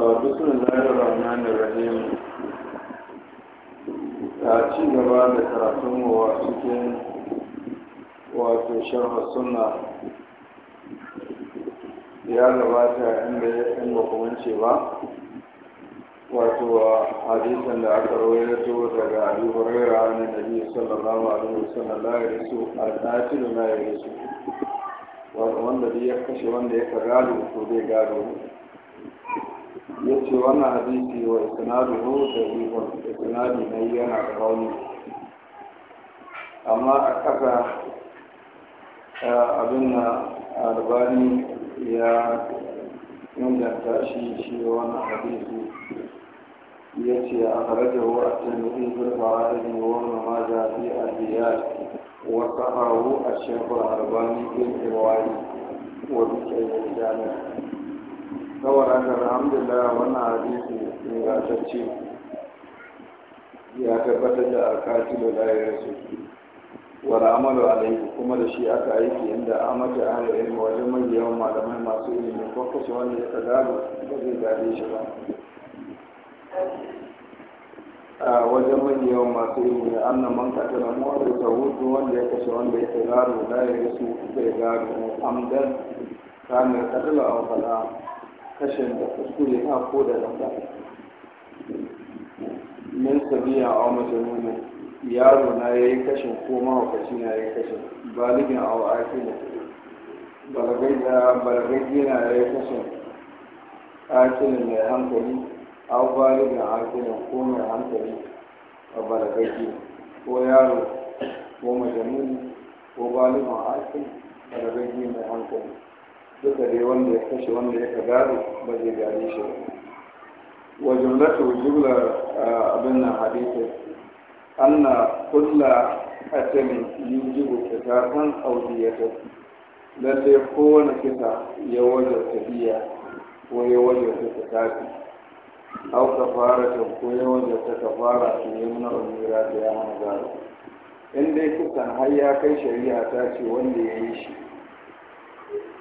بسم الله الرحمن الرحيم a ci gaba da karatun wa cikin wato sharha sunna ya gabata inda ya in ba kumance ba wato hadisan da aka to daga abu hurairah na nabi sallallahu alaihi wasallam la yarisu al-qatil la yarisu wato wanda ya kashe wanda ya kagalo to zai gado ya ce wannan hadisi wa isnadu hu da ihun isnadu na yana da rauni amma a ga abin na albani ya inganta shi shi wannan hadisi ya ce a farajar wa a cikin zurfawa da ne wani maza fi a biyar wasu haru a shekar albani ɗin wani wa duka yi jami'a saboda haka alhamdulillah wannan hadisi ingantacce ya tabbatar da alkaci da layar rasu Wani amalu alaihi kuma da shi aka aiki inda amata ahli ilmi wajen yawan malamai masu ilimi ko kusa wanda ya tsada ba zai gade shi ba a wajen yawan masu ilimi annan man katana mawar da hutu wanda ya kashe wanda ya gado la ya rasu zai gado amdan kamar katala a fala'a kashin da kuskure ka ko da rasa min sabiya a majalunu yaro na ya yi kashin ko mahaukaci na ya yi kashin balibin a wa'afi da balagaji na ya yi kashin akilin mai hankali a balibin akilin ko mai hankali a balagaji ko yaro ko majalunu ko balibin akilin balagaji mai hankali duka dai wanda ya kashe wanda ya ka gado ba zai gane shi ba wa jumlatu jumla abin nan hadithin anna kulla atamin yujibu kitatan audiyatan lalle wani kisa ya wajar tafiya ko ya wajar ta tafi au kafara ta ko ya wajar ta kafara ta yi muna umira da ya gado in dai kisan har ya kai shari'a ta ce wanda ya yi shi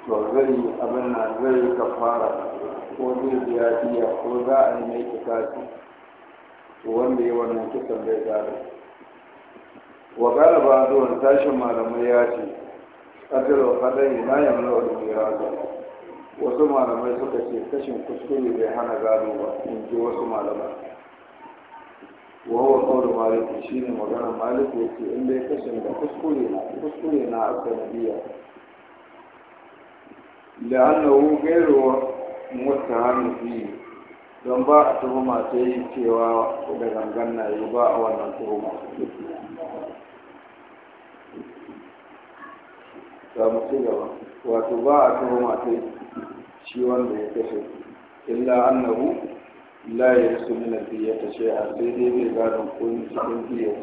to zai abin na zai ka fara ko zai biya iya ko za a yi mai kitaci to wanda ya wannan kisan bai gada wa galaba zuwan tashin malamai ya ce ƙasar wa kaɗai na yamna wa da wasu malamai suka ce kashin kuskure bai hana gado ba in ji wasu malamai wawan kawai maliki shi ne maganar maliki ya ce inda ya kashin da kuskure na kuskure na biya لأنه غير mutahammi فيه don ba a tuhuma ta yi cewa da gangan na yi ba a wannan tuhuma gaba wato ba a tuhuma ta yi shi wanda ya kashe illa annahu la nuna biyar sai dai bai gadon kun cikin diyya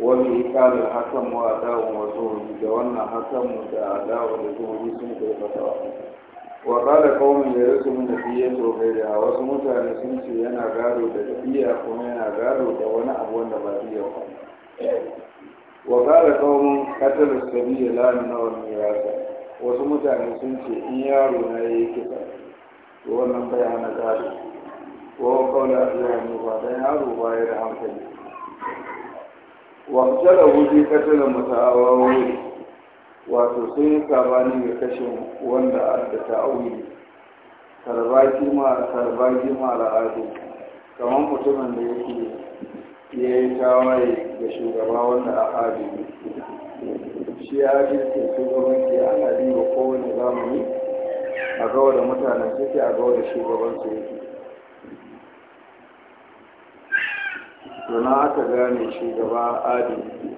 wani ikalin hakan mu a dawon wasu zuhuri da wannan hakan mu da adawa da zuhuri sun kai fatawa wa kala kaumin ya rasu min da biye to gaira wasu mutane sun ce yana gado da tafiya kuma yana gado da wani abu wanda ba biya ba wa kala kaumin katar sabiya lani na wani yasa wasu mutane sun ce in yaro na ya yi kisa to wannan bai hana gado ko kaula a zuwa ne ba dan yaro ba ya da hankali wamtara wuce katilin mutawa wuri wato sai ya sabani ga kashin wanda adda ta auni tarbaki ma al'adu kamar mutumin da yake ya yi tawaye ga shugaba wanda a adini shi ya ji ke ke ana diba kowane zamani a ga da mutane suke a ga da shugabansu yake suna aka gane gaba adini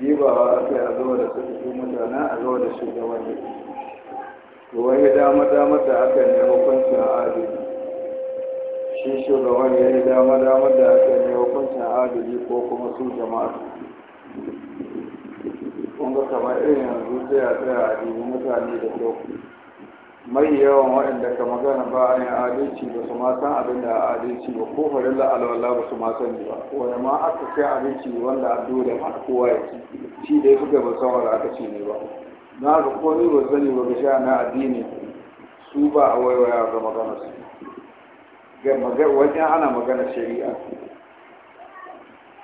dibawa aka yi a zama da suka fi mutane a zama da shugaban da to wani dama dama da aka ne a adini shi shugaban ya yi dama dama da aka ne a adini ko kuma su jama'a kun ga kamar irin yanzu sai a tsaya a dubi mutane da kyau mai yawan waɗanda ka magana ba a yin adalci ba su matan abin da adalci ba ko farin da alwala ba su matan ba wani ma aka kai abinci wanda a dole ma kowa ya ci shi da ya fi gaba san aka ci ne ba na ga komai ba sani ba ga sha na addini su ba a waiwaya ga magana su wajen ana magana shari'a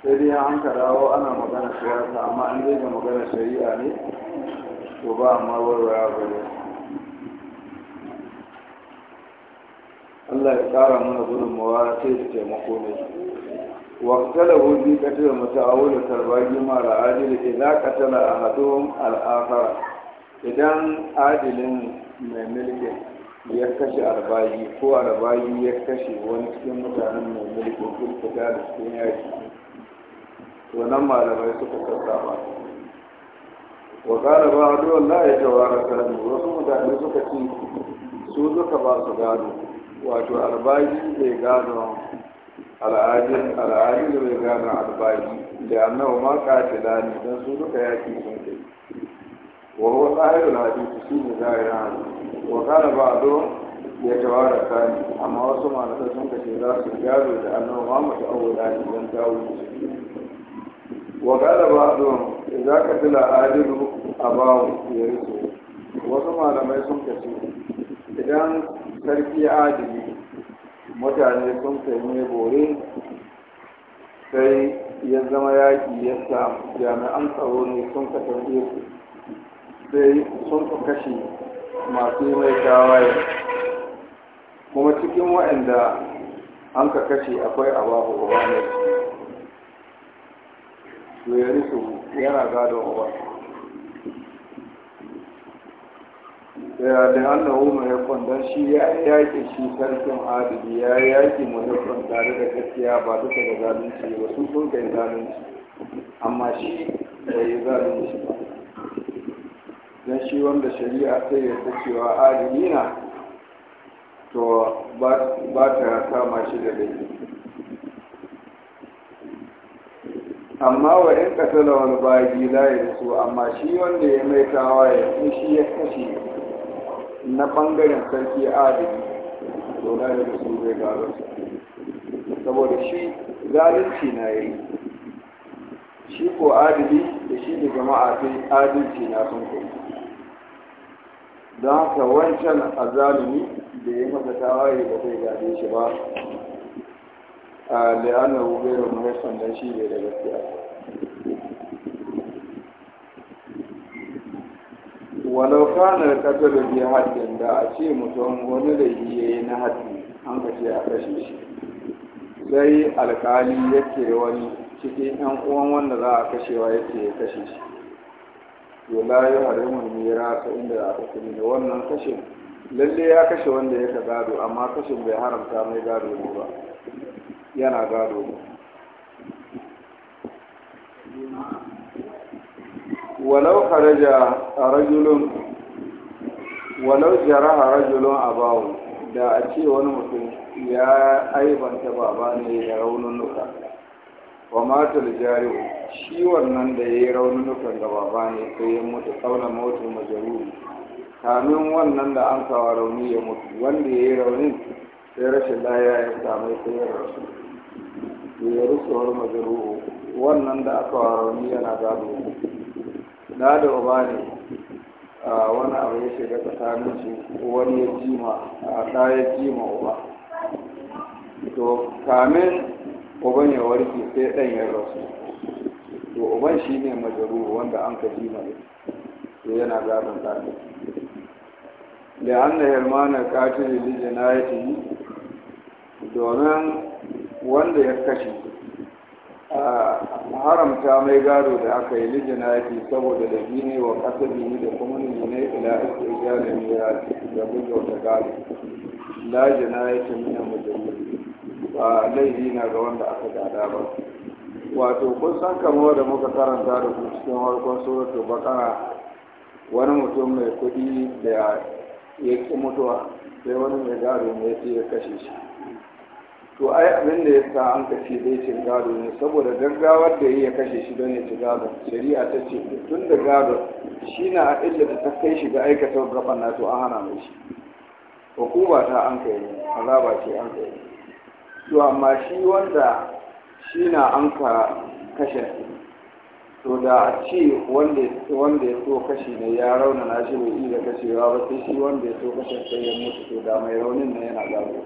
sai dai an ka dawo ana magana siyasa amma an zai ga magana shari'a ne to ba amma waiwaya ba ne Allah ya kara mana gudun mawa sai su taimako ne. Wata da wuri ka tura mata a wuri tarbaji mara adili idan ka tana a hadon al'afara idan adilin mai milkin ya kashe arbaji ko arbaji ya kashe wani cikin mutanen mai milkin ko fita da cikin yaki. Wannan malamai suka kasa ba. Wakala ba a duwan la'ayyar jawarar gado wasu mutane suka ce su duka ba su gado. wato albaji bai gano al'adun al'adil bai gano albaji da annabu ma da ne dan su duka yaki sun kai wa huwa zahirul hadith shi ne zahirin hadith wa kana do ya tawara kani amma wasu malamai sun kace za su gado da annabi ma muta'awwila ne dan dawo wa kana do idza katila adilu abahu yarisu wasu malamai sun kace idan sarki adili mutane sun sanye bore sai ya zama yaƙi ya samu jami'an tsaro ne sun ka tafiye su sai sun ka kashe masu mai tawaye kuma cikin waɗanda an ka kashe akwai abahu uba ne su yana gadon uba da annahu muhibbun dan shi ya yaƙi shi sarkin adili ya yaƙi muhibbun tare da gaskiya ba duka da zalunci ba su sun kai zalunci amma shi bai yi zalunci ba dan shi wanda shari'a sai ya ta cewa adili na to ba ta kama shi da laifi amma wa in da wani bagi la ya so amma shi wanda ya mai tawaye shi ya kashe na bangaren sarki adali to na da su zai gaba saboda shi zalunci na yi shi ko adali da shi da jama'a sai adalci na sun kuma don haka wancan azalumi da ya masa tawaye ba zai gane shi ba a da ana wubera mahaifan don shi bai da gaskiya walau kanar da biya haddin da a ce mutum wani da ya yi na haddi an kashe a kashe shi sai alkali yake wani cikin yan uwan wanda za a kashewa yake ya kashe shi to la yi harimun mira ta inda a kashe da wannan kashin lalle ya kashe wanda ya ka gado amma kashin bai haramta mai gado ba yana gado ba walau kharaja rajulun walau jaraha rajulun abahu da a ce wani mutum ya aibanta baba ne da raununuka wa matul jari'u shi wannan da ya yi raununukan da baba ne sai ya mutu kauna mautin majaruri kamin wannan da an kawo rauni ya mutu wanda ya yi raunin sai rashin laya ya samu sai ya rasu ya rusuwar majaruri wannan da aka kawo rauni yana gado Na da uba ne wani abu ya shiga tsakanin su wani ya jima a ɗa ya jima uba to kamin uban ya warke sai ɗan ya rasu to uban shi ne majaru wanda an ka jima ne to yana gaban ɗan da an da hermana katin lijina ya domin wanda ya kashe haramta mai gado da aka yi lijina yake saboda da ne wa ƙasa gini da kuma ne ila ake ne ya da bujo da gado lajina yake nuna mujallu ba laifi na ga wanda aka gada ba wato kun san kamar da muka karanta da ku cikin harkon suratul bakara wani mutum mai kuɗi da ya ƙi mutuwa sai wani mai gado ne ya ce ya kashe shi to ai abin da ya sa an kace zai cin gado ne saboda gaggawar da ya kashe shi don ya gado shari'a ta ce tun da gado shi na illa da ta kai shi ga aikata gaban nato an hana mai shi hukuma ta an kai ne alaba ce an kai to amma shi wanda shi na an ka kashe to da a ce wanda ya so kashi ne ya rauna na shi bai iya kashewa ba sai shi wanda ya so kashe sai ya mutu to da mai raunin na yana gaba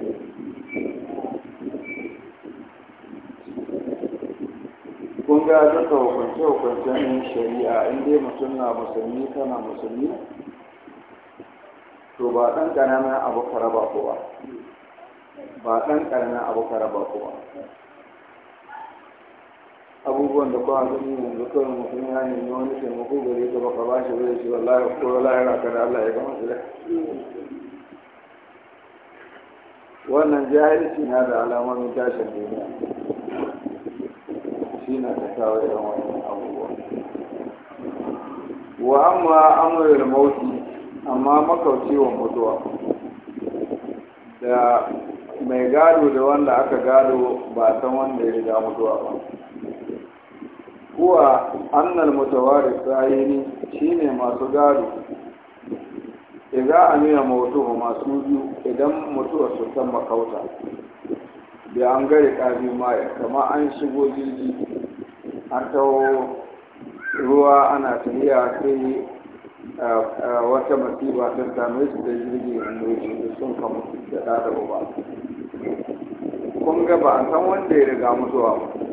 kun ga duka hukunce hukuncen shari'a in dai mutum na musulmi kana musulmi to ba ɗan ƙananan abu ka raba ko ba ɗan ƙaramin abu ka raba ba abubuwan da kuma yi yanzu kawai mutum ya nemi wani taimako gare ka baka ba shi zai shi wallahi ko wallahi raka da Allah ya gama shirya wannan jahilci na da alamomin tashin duniya shi na ta kawo irin wannan abubuwa wa amma da mauti amma makaucewa mutuwa da mai gado da wanda aka gado ba san wanda ya riga mutuwa ba huwa annal mutawaris sayini shine masu gado idza amina mawtuhu masu biyu idan mutuwar su san makauta bi an gari kafi maya kama an shigo jirgi an tawo ruwa ana tafiya sai wata masiba ta same su da jirgi da sun kama da ɗada ba kun ga ba a san wanda ya riga mutuwa ba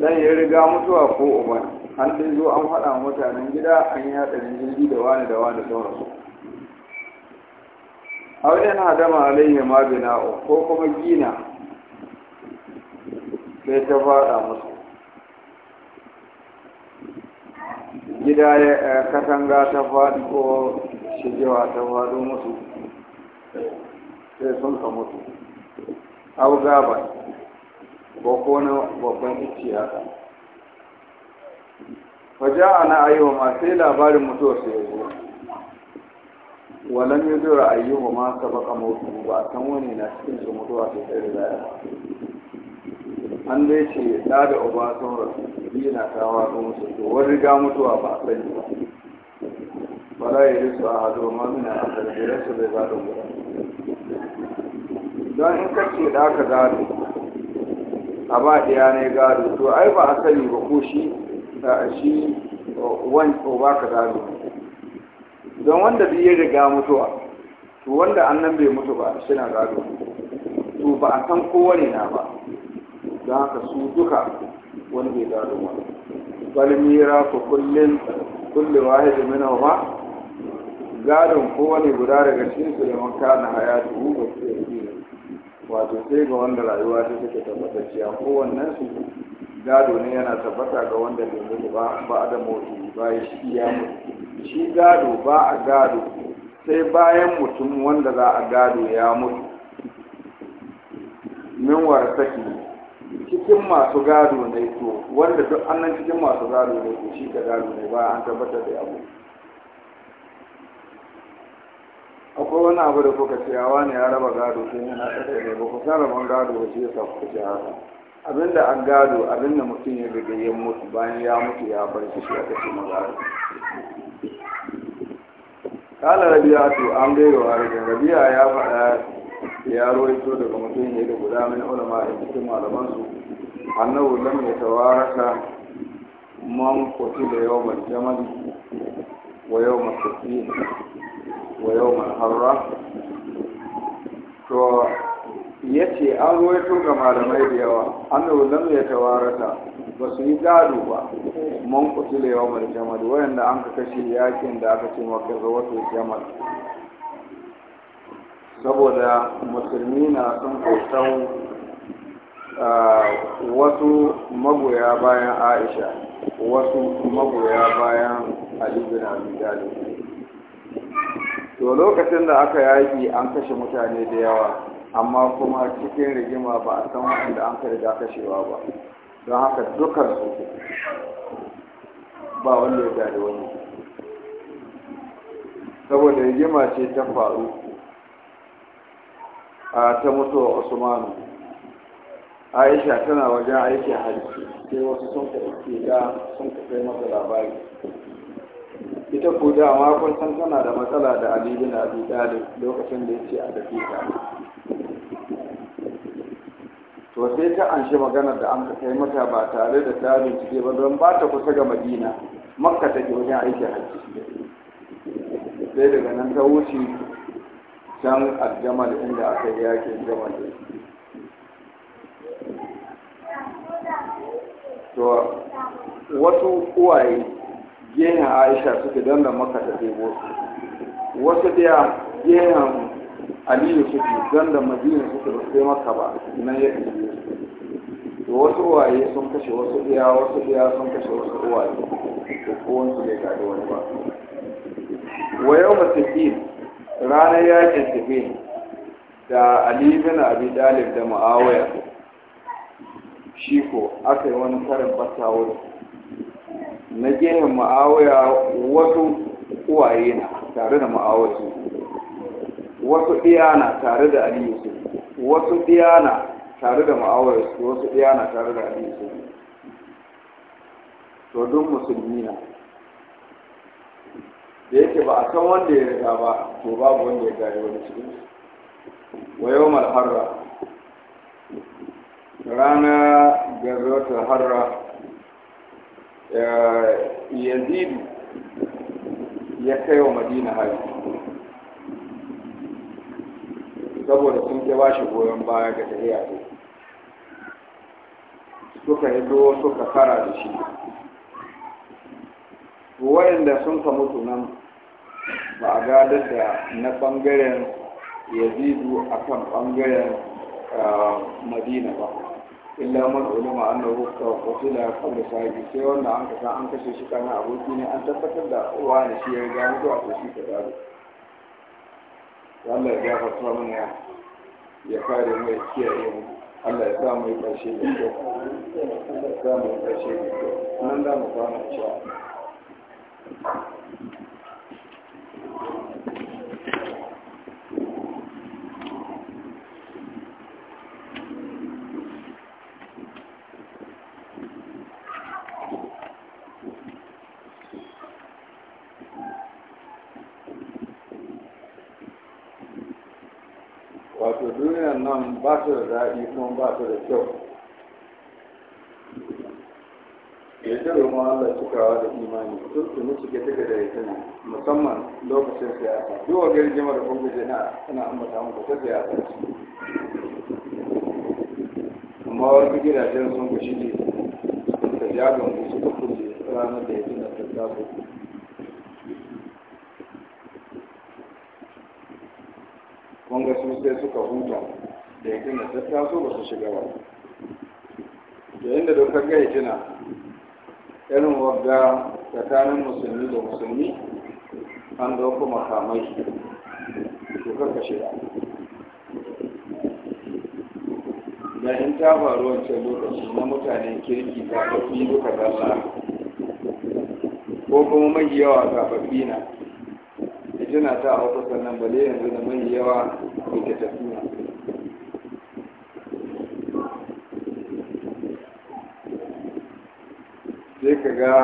dan ya riga mutuwa ko uban har dai zo an faɗa mutanen gida an yi haɗarin jirgi da wani da wani sauransu auren na alayhi ma bina'u ko kuma gina sai ta faɗa musu gida ya eh, katanga ta faɗi ko shigewa ta faɗo musu sai sun ka mutu abu gaba ko ko na babban icce haka faja ana ayyuhuma sai labarin mutuwar su zuwa walam yudura ayyuhuma sabaqa mawtu ba san wani na cikin su mutuwa sai sai da ya an dai ce da da uba sun rasu biyu na kawo ga musu to wani riga mutuwa ba a sani ba ba za yi risu a hadu ma suna a karbirar su bai ba da guda don in kace da aka gado a ba ɗaya ne gado to ai ba a sani ba ko shi da shi wani ba ka gado don wanda zai riga mutuwa to wanda annan bai mutu ba shi na gado to ba a san kowane na ba don haka su duka wani bai gado ba. balmira ku kullum kulle wahid mina ba gadon kowane guda daga cikin su da manka kana hayatu ba su yi wato sai ga wanda rayuwa ta take tabbatacciya kowannen su gado ne yana tabbata ga wanda bai mutu ba ba da mutu bayan shi ya mutu shi gado ba a gado sai bayan mutum wanda za a gado ya mutu min warasaki cikin masu gado ne to wanda duk annan cikin masu gado ne to shi ka gado ne ba an tabbatar da abu akwai wani abu da kuka ce yawa ne ya raba gado sun yana ƙasa ne ba ku san rabon gado ba shi yasa kuka ce haka abinda an gado abinda mutum ya riga ya mutu bayan ya mutu ya bar shi aka ce ma kala rabiya to an bai wa rabin rabiya ya faɗa ya roito daga mutum ya da guda min ulama a cikin malaman su annabu lam yatawarasa man da yawmal jamal wa yawmal sakin wa yau harra to yace an ruwaito ga malamai da yawa annabi lam ya tawarata ba su yi gado ba man kutule yau mai jamal wayanda an ka kashe yakin da aka ce wa kaza wato jamal saboda musulmi na sun kautan wasu magoya bayan aisha wasu magoya bayan ali bin abi to lokacin da aka yaƙi an kashe mutane da yawa amma kuma cikin rigima ba a san wanda an ka riga kashewa ba don haka dukkan su ba wanda ya gari wani saboda rigima ce ta faru a ta mutuwa usmanu aisha tana wajen aikin hajji sai wasu sun ka ga sun ka kai masa labari ita ko ma kun san tana da matsala da Ali bin Abi Talib lokacin da yake a tafi ta to sai ta anshi maganar da an kai mata ba tare da ta bincike ba don ba ta kusa ga Madina Makka take wajen aikin hajji sai daga nan ta wuce can aljamal inda aka yi yakin jamal to wasu uwaye gehen aisha suke danda da maka da debo su wasu ɗaya gehen aliyu suke danda da madina suke ba sai maka ba nan ya ɗebo su wasu waye sun kashe wasu ɗaya wasu ɗaya sun kashe wasu waye da kowansu bai gada wani ba wa yau matakin ranar yakin tafi da ali bin abi dalib da ma'awaya shi ko aka yi wani karin fata na gehen ma'awuya wasu kuwaye na tare da ma'awusu wasu ɗiyana tare da aliyusu wasu ɗiyana tare da ma'awuya wasu ɗiyana tare da aliyusu to duk musulmi na da yake ba a san wanda ya riga ba to babu wanda ya gari wani cikin wa yau malharra rana gazotar harra Eh, yazidu ya kai wa madina hari saboda sun ke ba shi goyon baya ga tafiya ne suka hito suka kara da shi wayanda sun ka mutu nan ba a gadar da na ɓangaren yazidu a kan ɓangaren eh, madina ba illa man ulama annahu qutila qabla sahibi sai wanda an kasa an kashe shi kana aboki ne an tabbatar da uwa ne shi ya riga mutuwa ko shi ka gado Allah ya gafarta mana ya kare mu ya kiyaye mu Allah ya sa mu karshe da kyau Allah ya sa mu karshe da kyau nan da mu fara insha ba su da daɗi kuma ba su da kyau ya ce roman Allah cikawa da imani sun tuni cike take da yakina musamman lokacin siyasa duk wa gari jima da kuma jana amma ambata muku ta siyasa amma wani gidajen sun gashi ne sun ta jagon da suka kulle ranar da ya tuna ta taso kun ga sun sai suka huta da ya tuna ta taso ba su shiga ba da inda dokar ga ya irin wadda tsakanin musulmi da musulmi an dauko makamai to kaka shiga da in ta faru wancan lokaci na mutanen kirki tafi duka zalla ko kuma mai yawa fafi na tana ta auka sannan bale yanzu da mai yawa tafi ka ga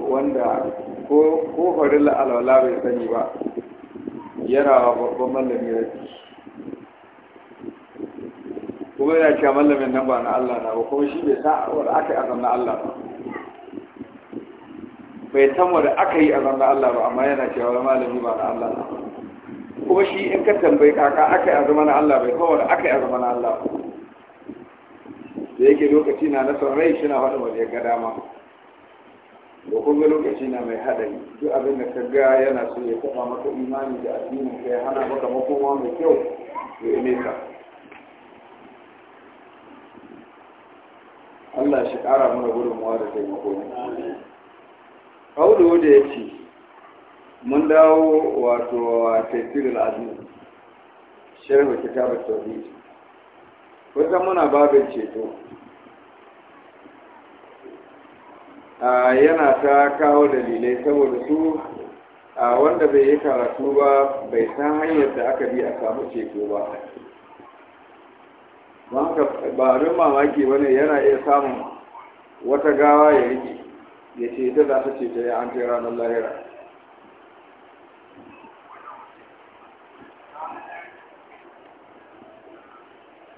wanda ko farilla alwala bai sani ba yana babban mallami rafi kuma yana cewa mallamin nan ba na Allah na ba kuma shi bai sa wanda aka yi a na Allah ba bai san wanda aka yi a na Allah ba amma yana cewa wani malami ba na Allah na kuma shi in ka tambayi kaka aka yi a na Allah bai kuma wanda aka yi a na Allah ba da yake lokaci na nasarar, rai shi na faɗin wanda ya ga dama ba lokaci na mai haɗari duk abin da ka ga yana so ya taɓa maka imani da addinin ka ya hana maka makoma mai kyau ya ime Allah shi ƙara mana wa da taimako ne. kawo da ya ce, mun dawo wato tafsirul azim sharhu kitab at-tauhid wata muna babin ceto yana ta kawo dalilai saboda su a wanda bai yi karatu ba bai san hanyar da aka bi a samu ceto ba ba abin mamaki ne, yana iya samun wata gawa ya rike ya ce ita za ta ceto ya an ranar lahira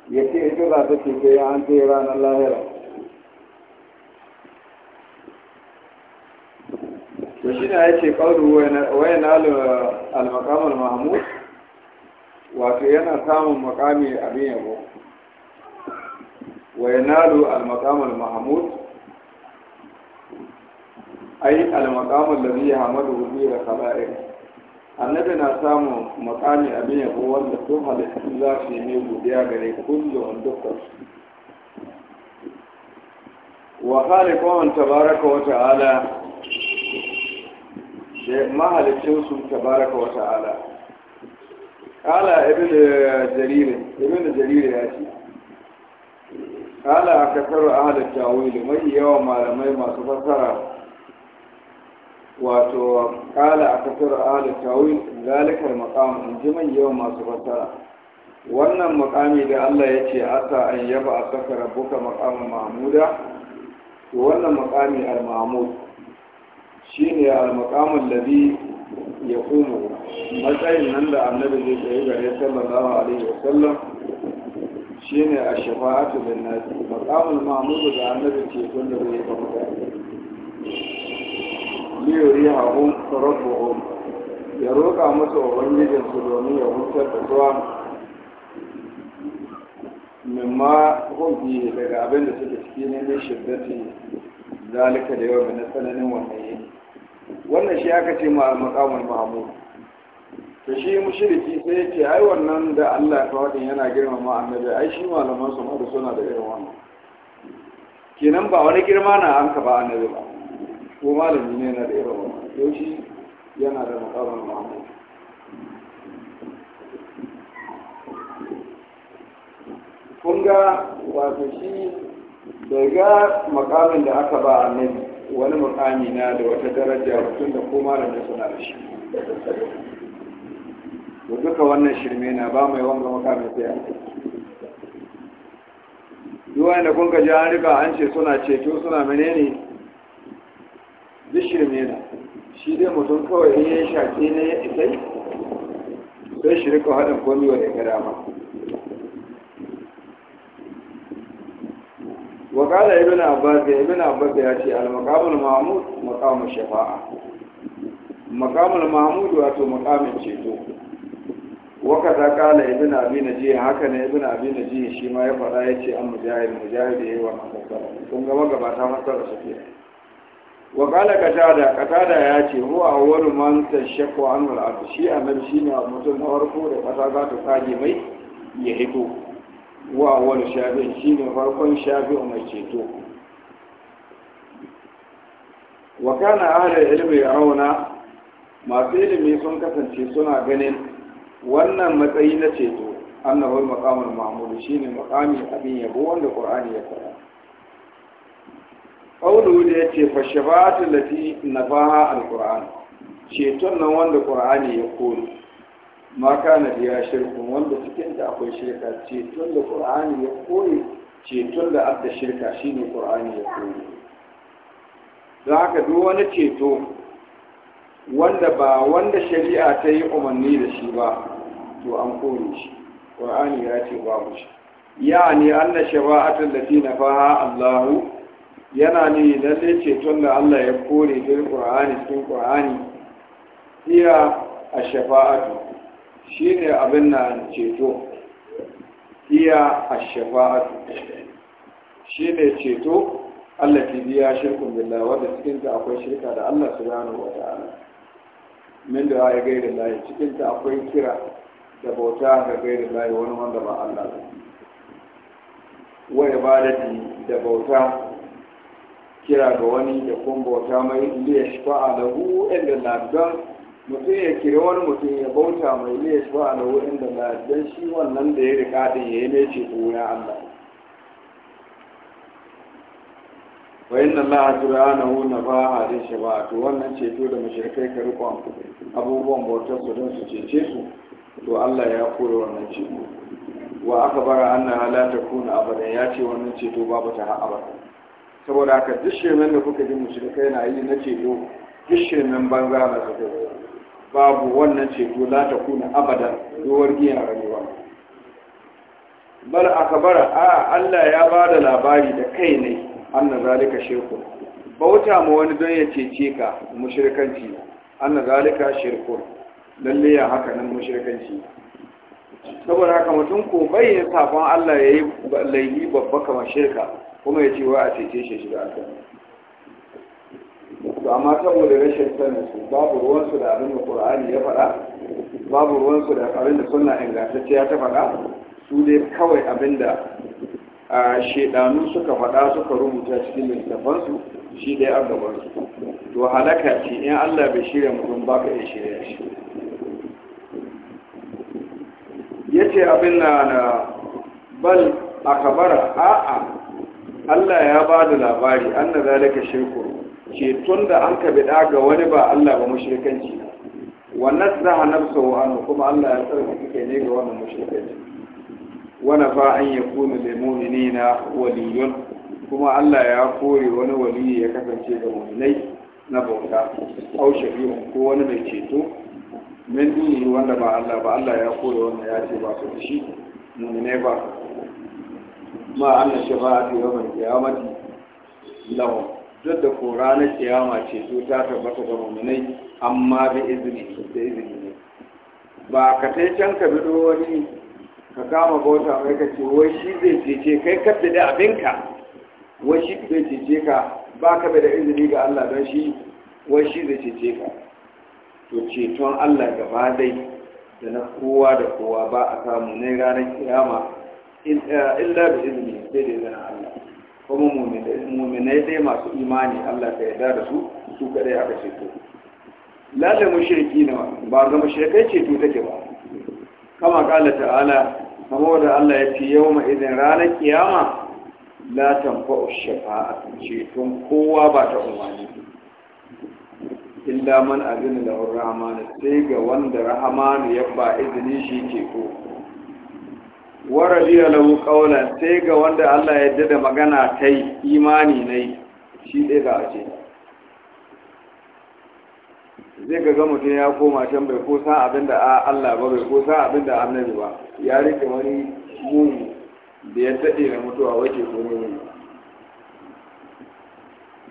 ya ce ita za ta ceto ya an ranar lahira to shi ne ya ce ƙauru na al-makamar mahmud wato yana samun makami abin yabo na al-makamar mahmud ai al-makamar da zai hamadu hudu da annabi na samun makami abin yabo wanda sun halittu za su yi ne gudiya gare kullum dukkan wa khaliqahu tabaraka wa ta'ala mahalicinsu tabaraka wa ta'ala kala ibn jarir ibn jarir ya ce Ƙala a kasar ahalar tawil mai yawan malamai masu fasara. wato ƙala a kasar ahalar tawil lalikar maqam in ji mai yawan masu fasara. wannan makami da Allah ya ce asa an yaba a saka buka maqaman mahmuda wannan makami al-mahmud shine ne almakamun labi ya komo matsayin nan da annabi zai tsaye gare sallallahu alaihi wasallam shi ne a shafa'atu lin nas maqamul mahmudu da annabi ce tun da zai ga mutane liyori hagun rabbahum ya roƙa musu su domin ya hutar da zuwa mimma hobi daga abin da suke ciki ne mai shiddatin zalika da yawa na tsananin wannan yini wannan shi aka ce ma maqamul mahmud to shi mushriki sai ya ce ai wannan da Allah ya wadin yana girmama annabi ai shi malaman su ma suna da irin wannan kenan ba wani girma na an ka ba annabi ba ko malami ne na da irin wannan yau shi yana da maqamul mahmud kun ga wato shi bai ga makamin da aka ba annabi wani mukami na da wata daraja tun da ko malamin suna da shi to duka wannan shirme na ba mai wanga mukamin sai an wani da kun ga ji an riga an ce suna ceto suna menene duk shirme na shi dai mutum kawai in ya shaƙi ne ya isai sai shirka haɗin komi wa ya ga dama wa kala ibn ya ce al maqamul mahmud maqamul shafa'a maqamul mahmud wato maqamin ceto wa kaza kala ibn abi naji haka ne da abi naji shi ma ya fada yace an mujahid mujahid yayi wa fasara kun ga magabata fasara su ke wa kala katada katada ya ce huwa awwalu man tashaqqa anhu al-ard shi annabi shine mutum na farko da kasa za ta kage mai ya hito wa wani shafi'in shine farkon shafi'in mai ceto wa kana ahalar ilmi ya auna masu ilimi sun kasance suna ganin wannan matsayi na ceto annabul maqamul mahmud shine maqami abin yabo wanda qur'ani ya fara qawlu da yace fa shafa'atu lati nafaha alquran ceton nan wanda qur'ani ya koyi ma kana biya shirkun wanda cikin da akwai shirka ceton da qur'ani ya koyi ceton da abda shirka shine qur'ani ya koyi don haka duk wani ceto wanda ba wanda shari'a ta yi umarni da shi ba to an kore shi qur'ani ya ce babu shi ne anna shafa'atul lati nafaha Allahu? yana ne lalle ceton da Allah ya kore bil qur'ani cikin qur'ani iya a shafa'atu shi ne abin na ceto iya a shafa'atu shi ne ceto Allah ke biya shirkun billah wadda cikinta akwai shirka da Allah su gano wa ta'ala min da ya gaida layi cikinta akwai kira da bauta ga gaida layi wani wanda ba Allah ba wa ba da bauta kira ga wani da kuma bauta mai liya shafa'a lahu inda don mutum ya kiri wani mutum ya bauta mai ne su a na wurin da na dan shi wannan da ya rika din ya yi ce ko ya Allah wa inna Allah subhanahu na ba hadin shi ba to wannan ceto da mushrikai ka rikon abubuwan bautar su don su cece su to Allah ya kore wannan ceto wa aka bara anna halata kuna abadan ya ce wannan ceto babu ta abada saboda haka duk shemen da kuka ji mushrikai na yi na ceto duk shemen banza na su babu wannan ceto la ta kuna abada yawar giyan rayuwa bal akbara a Allah ya ba da labari da kai ne anna zalika shirku bauta ma wani don ya cece ka mushrikanci anna zalika shirku lalle ya haka nan mushrikanci saboda haka mutum ko bai sabon Allah yayi laifi babba kamar shirka kuma ya ce wa a cece shi shiga aljanna to amma saboda rashin sanin su babu ruwansu da abin da qur'ani ya faɗa babu ruwansu da abin da sunna ingantacciya ta faɗa su dai kawai abin da shedanu suka faɗa suka rubuta cikin littafansu shi dai an gaban su to halaka ce in Allah bai shirya mutum ba ka iya shirya shi yace abin na na bal akabara a'a Allah ya ba da labari an na zalika shirku ceton da an ka bida ga wani ba Allah ba mushrikanci wa nasraha nafsahu anhu kuma Allah ya sarrafa kai ne ga wannan mushrikanci wa fa an yakunu lil na waliyun kuma Allah ya kore wani waliyu ya kasance ga mu'minai na bauta au shafi'un ko wani mai ceto min duni wanda ba Allah ba Allah ya kore wannan ya ce ba su da shi mu'minai ba ma an shafa anna shafa'ati yawmal qiyamati lahum duk da ko ranar kiyama ce to ta tabbata ga muminai amma bi izini da izini ne ba ka tai can ka bido wani ka kama bauta mai ka ce wai shi zai cece kai ka da abinka wai shi zai cece ka ba ka da izini ga Allah don shi wai shi zai cece ka to ceton Allah gaba dai da na kowa da kowa ba a samu ne ranar kiyama illa bi izini sai da izinin Allah kuma muminai dai masu imani Allah ka yarda da su su kadai aka ceto lalle mushriki na ba ga mushrikai ceto take ba kama kala ta'ala kama da Allah ya fi yau ma idan ranar kiyama la tanfa'u shafa'a ceton kowa ba ta umarni illa man da lahu rahman sai ga wanda rahmanu ya ba izini shi ceto waradiya lahu qawlan sai ga wanda Allah ya yarda da magana ta yi imani yi, shi dai ga aje zai ga ga mutum ya koma can bai ko san abin da Allah ba bai ko san abin da annabi ba ya rike wani mun da ya daɗe na mutuwa wace ko ne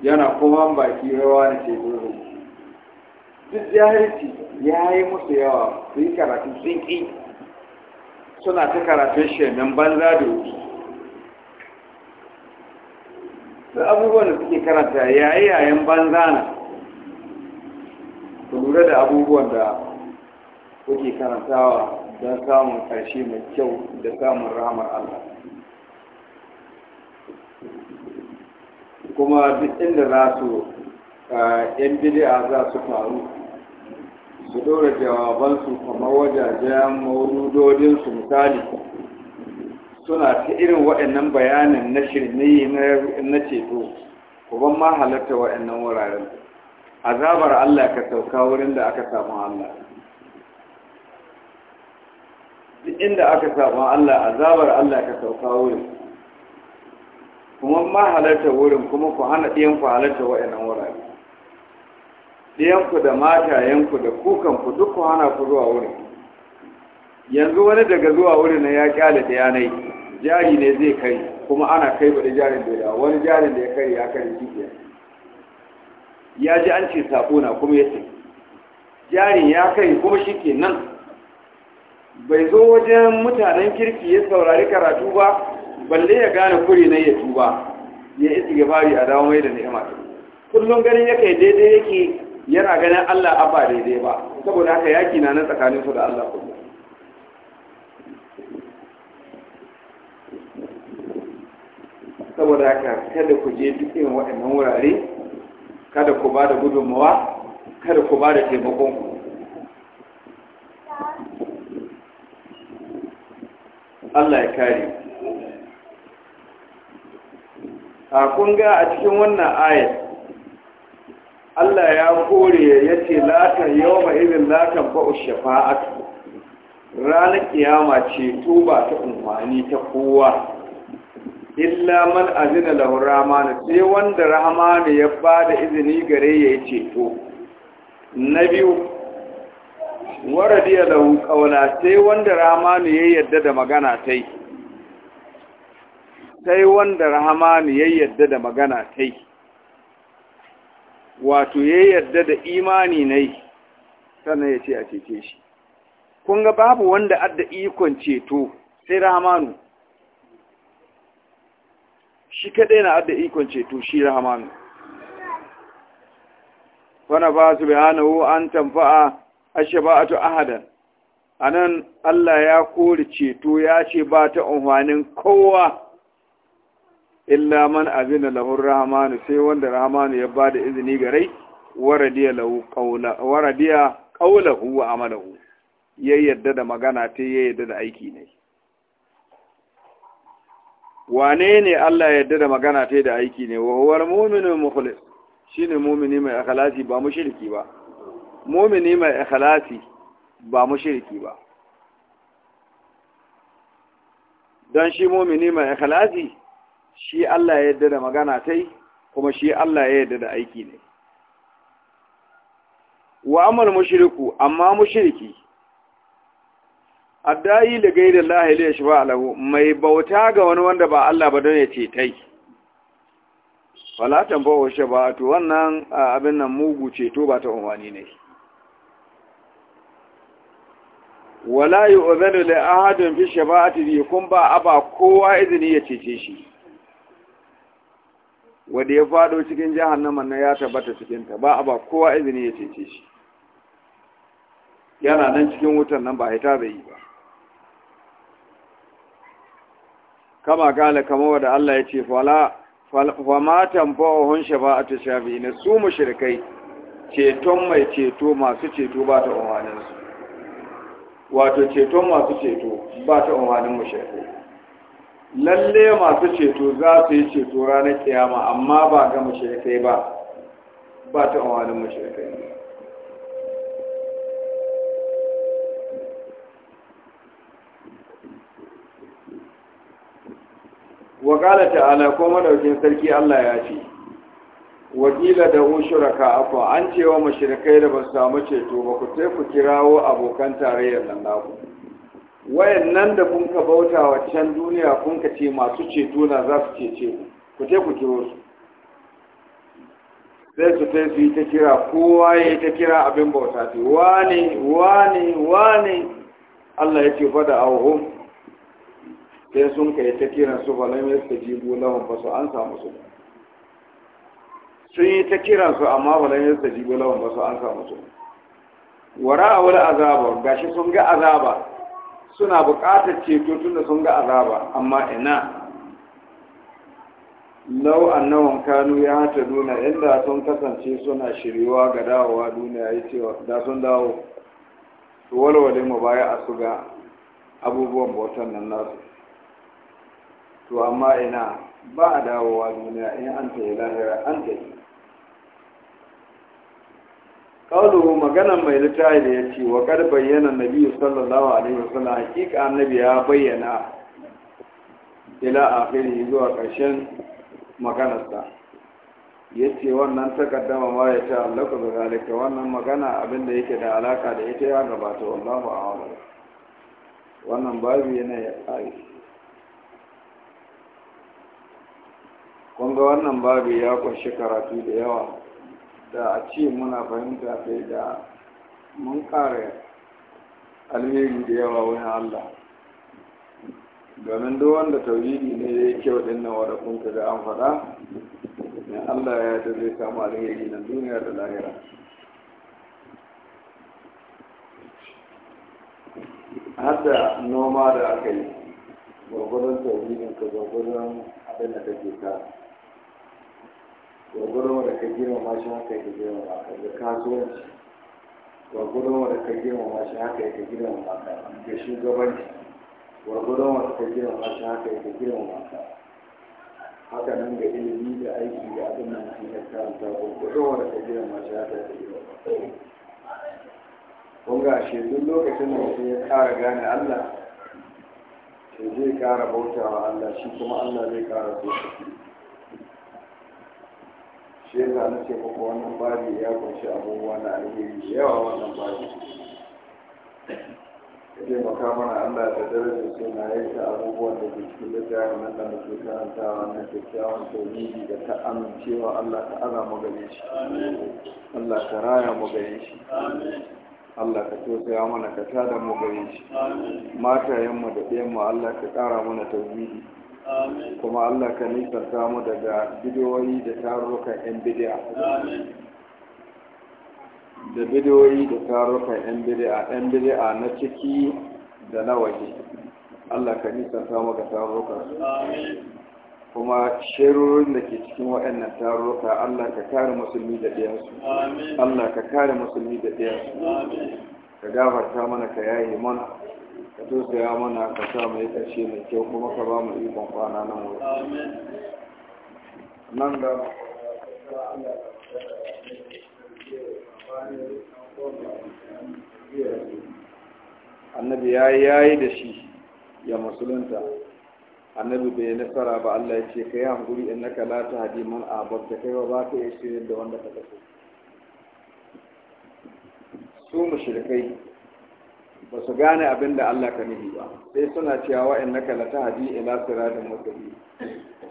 yana kuma baki rawa da ce duk jahilci ya yi musu yawa su yi karatu sun ƙi suna ta karatun shemin banza da wuce da abubuwan da suke karanta yayi yayin banza na ku lura da abubuwan da kuke karantawa don samun ƙarshe mai kyau da samun rahamar Allah kuma duk inda za su yan bidi'a za su faru su dora jawabansu kuma wajajen mauludodinsu misali suna ta irin waɗannan bayanin na shirme na ceto kuma ma halatta waɗannan wuraren azabar Allah ka sauka wurin da aka samu Allah duk inda aka samu Allah azabar Allah ka sauka wurin kuma ma halatta wurin kuma ku hana ɗiyan ku halatta waɗannan wuraren. ɗiyanku da mata yanku da kukanku duk ku hana ku zuwa wurin yanzu wani daga zuwa wuri na ya kyale da yanai jari ne zai kai kuma ana kai baɗi jarin da wani jarin da ya kai ya kai shi ya ji an ce sabo na kuma ya ce jarin ya kai kuma shi ke nan bai zo wajen mutanen kirki ya saurari karatu ba balle ya gane kuri na ya tuba ya isi gabari a dawo mai da ni'ima kullum ganin yake daidai yake yana ganin Allah abba daidai ba saboda haka yaki na nan tsakanin su da Allah kullum saboda haka kada ku je duk irin waɗannan wurare kada ku ba da gudunmawa kada ku ba da taimakon ku Allah ya kare a kun ga a cikin wannan ayat Allah ya kore ya ce latan yau ma irin latan ba'u shafa'atu ranar kiyama ce tuba ta umarni ta kowa illa man azina lahu rahmanu sai wanda rahmanu ya ba da izini gare ya yi ceto na biyu waradiya lahu kaula sai wanda rahmanu ya yarda da magana ta yi sai wanda rahmanu ya yarda da magana ta yi wato ya yarda da imani yi sannan ya ce a cece shi kun ga babu wanda adda ikon ceto sai rahamanu shi kaɗai na adda ikon ceto shi rahamanu wana ba su wo an tamfa'a ashaba'atu ahadan anan Allah ya kori ceto ya ce ba ta umfanin kowa illa man azina lahu rahmanu sai wanda rahmanu ya bada izini ga rai waradiya lahu qawla waradiya qawlahu wa amalahu ya yadda da magana ta ya yadda da aiki ne wane ne Allah ya yadda da magana ta da aiki ne wa huwa mu'minu mukhlis shine mu'mini mai ikhlasi ba mushriki ba mu'mini mai ikhlasi ba mushriki ba Dan shi mumini mai ikhlasi shi Allah ya yarda da magana ta yi kuma shi Allah ya yarda da aiki ne wa amal mushriku amma mushriki addai da gaida lahi ya yashfa alahu mai bauta ga wani wanda ba Allah ba don ya ce ba washe ba to wannan abin nan mugu ce to ba ta umarni ne wala yu'zanu li ahadin fi shafa'ati kun ba aba kowa izini ya cece shi wanda ya fado cikin jahannama na ya tabbata cikin ta ba a ba kowa izini ya cece shi yana nan cikin wutan nan ba ta bai yi ba kama kala kama wanda Allah ya ce fala fama tamfa'uhun shafa'atu shafi'ina su mushrikai ceton mai ceto masu ceto ba ta umarninsu wato ceton masu ceto ba ta umarnin mushrikai lalle masu ceto za su yi ceto ranar kiyama amma ba ga mashirikai ba ba ta amalin mashirikai wakala ta'ala ko madaukin sarki Allah ya ce wakila da ushuraka afa an cewa mashirikai da ba su samu ceto ba ku sai ku kirawo abokan tarayyar nan naku wayan nan da kun ka bauta wa can duniya kun ka ce masu ceto na za su cece ku ku je ku kiro su sai su sai su yi ta kira kowa ya yi ta kira abin bauta ce wane wane wane Allah ya ce fada a sai sun ka yi ta kira su ba lai mai ji lahun ba su an samu su sun yi ta kira su amma ba lai mai su ji lahun ba su an samu su wara a wani azaba gashi sun ga azaba suna buƙatar ceto tun da sun ga azaba amma ina lau annawan kanu ya hata nuna inda sun kasance suna shiriwa ga dawowa duniya ya ce da sun dawo su walwale mu baya a su ga abubuwan bautan nan nasu to amma ina ba a dawowa duniya in an ta yi lahira an ta yi kauluhu magana mai littafi da ya ce wa kar bayyana nabi sallallahu alaihi wasallam hakika annabi ya bayyana ila akhiri zuwa karshen maganarsa ya ce wannan takaddama ma ya ta allaka da zalika wannan magana abin da yake da alaka da ita ya gabata wallahu a'lam wannan babu yana ya kare kun ga wannan babu ya kunshi karatu da yawa da a ce muna fahimta sai da mun ƙara alheri da yawa wani Allah domin duk wanda tauhidi ne ya yi kyau ɗin nan wadda kunta da an faɗa ne Allah ya yi zai samu alheri na duniya da lahira hadda noma da aka yi gwagwadon tauhidin ka gwagwadon abin da kake ta gwagwaron da ka girmama shi haka yake girmama ka da kasuwanci gwagwaron da ka girmama shi haka yake girmama ka da shugabanci gwagwaron da ka girmama shi haka yake girmama ka haka nan ga ilimi da aiki da abin nan sun yi karanta gwagwaron da ka girmama shi haka yake girmama ka kun ga shi duk lokacin da mutum ya ƙara gane Allah to zai ƙara bautawa Allah shi kuma Allah zai ƙara so shi yasa na ce muku wannan bari ya kunshi abubuwa na alheri da yawa wannan bari ya taimaka mana allah da darajar suna ya ta abubuwan da ke cikin littafin nan da muke karantawa na kyakkyawan tauriri da ta amincewa allah ta ana mu gare shi allah ta raya mu gare shi Allah ka ya mana ka tada mu gare shi matayenmu da ɗayanmu Allah ka ƙara mana tauhidi kuma Allah ka nisarta mu daga bidiyoyi da tarurrukan 'yan bidiya da bidiyoyi da tarurrukan 'yan bidiya 'yan bidiya na ciki da na waje Allah ka nisarta mu ga tarurrukan kuma sherorin da ke cikin waɗannan tarurruka Allah ka kare musulmi da ɗiyansu Allah ka kare musulmi da ɗiyansu ka gafarta mana ka yaye mana ka tausaya mana ka sa mai kashe mai kyau kuma ka ba mu ikon kwana nan wuri nan ga annabi ya yi yayi da shi ya musulunta annabi bai nasara ba Allah ya ce ka yi hankuri in naka lata hadiman hadi man a babta kai ba ka iya shirin da wanda ka tafi. su mushrikai ba su gane abin da Allah ka nuhi ba sai suna cewa wa'annaka la hadi ila siratin mustaqim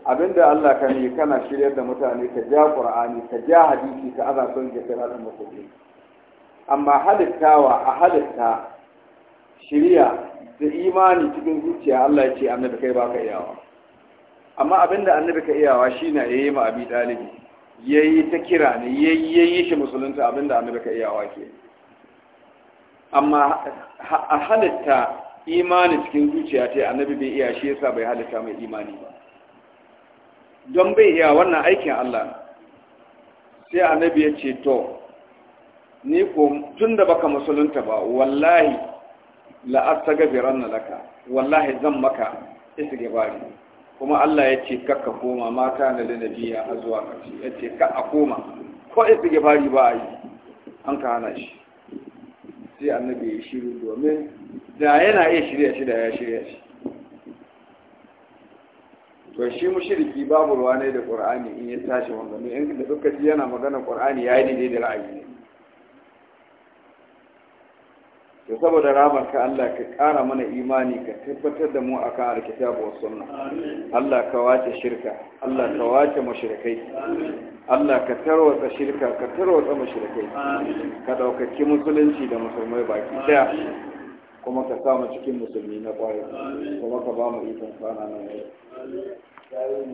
abin da Allah ka nuhi kana shiryar da mutane ka ja qur'ani ka ja hadisi ka aza sun ga siratin mustaqim amma halittawa a halitta shiriya da imani cikin zuciya Allah ya ce annabi kai baka iyawa amma abin da annabi ka iyawa shine yayi ma abi dalibi yayi ta kira ne yayi shi musulunta abin da annabi ka iyawa ke amma a halitta imani cikin zuciya ta annabi bai iya shi yasa bai halitta mai imani ba don bai iya wannan aikin Allah sai annabi ya ce to ni ko tun da baka musulunta ba wallahi la'asta gafiran na laka wallahi zan maka isi gabari kuma Allah ya ce kakka koma mata na biya a zuwa ya ce ka a koma ko isi gabari ba a yi an ka hana shi sai annabi ya shiru domin da yana iya shirya shi da ya shirya shi to shi mushriki babu ruwa ne da qur'ani in ya tashi wanda in da duka ji yana magana qur'ani yayi daidai da ra'ayi ne to saboda rabar ka Allah ka kara mana imani ka tabbatar da mu akan alkitabu was sunna Allah ka wace shirka Allah ka wace mushrikai Allah ka tarwatsa shirka ka tarwatsa mashirkai ka ɗaukaki musulunci da musulmai baki daya kuma ka samu cikin musulmi na ƙwarai kuma ka ba mu ikon sana nan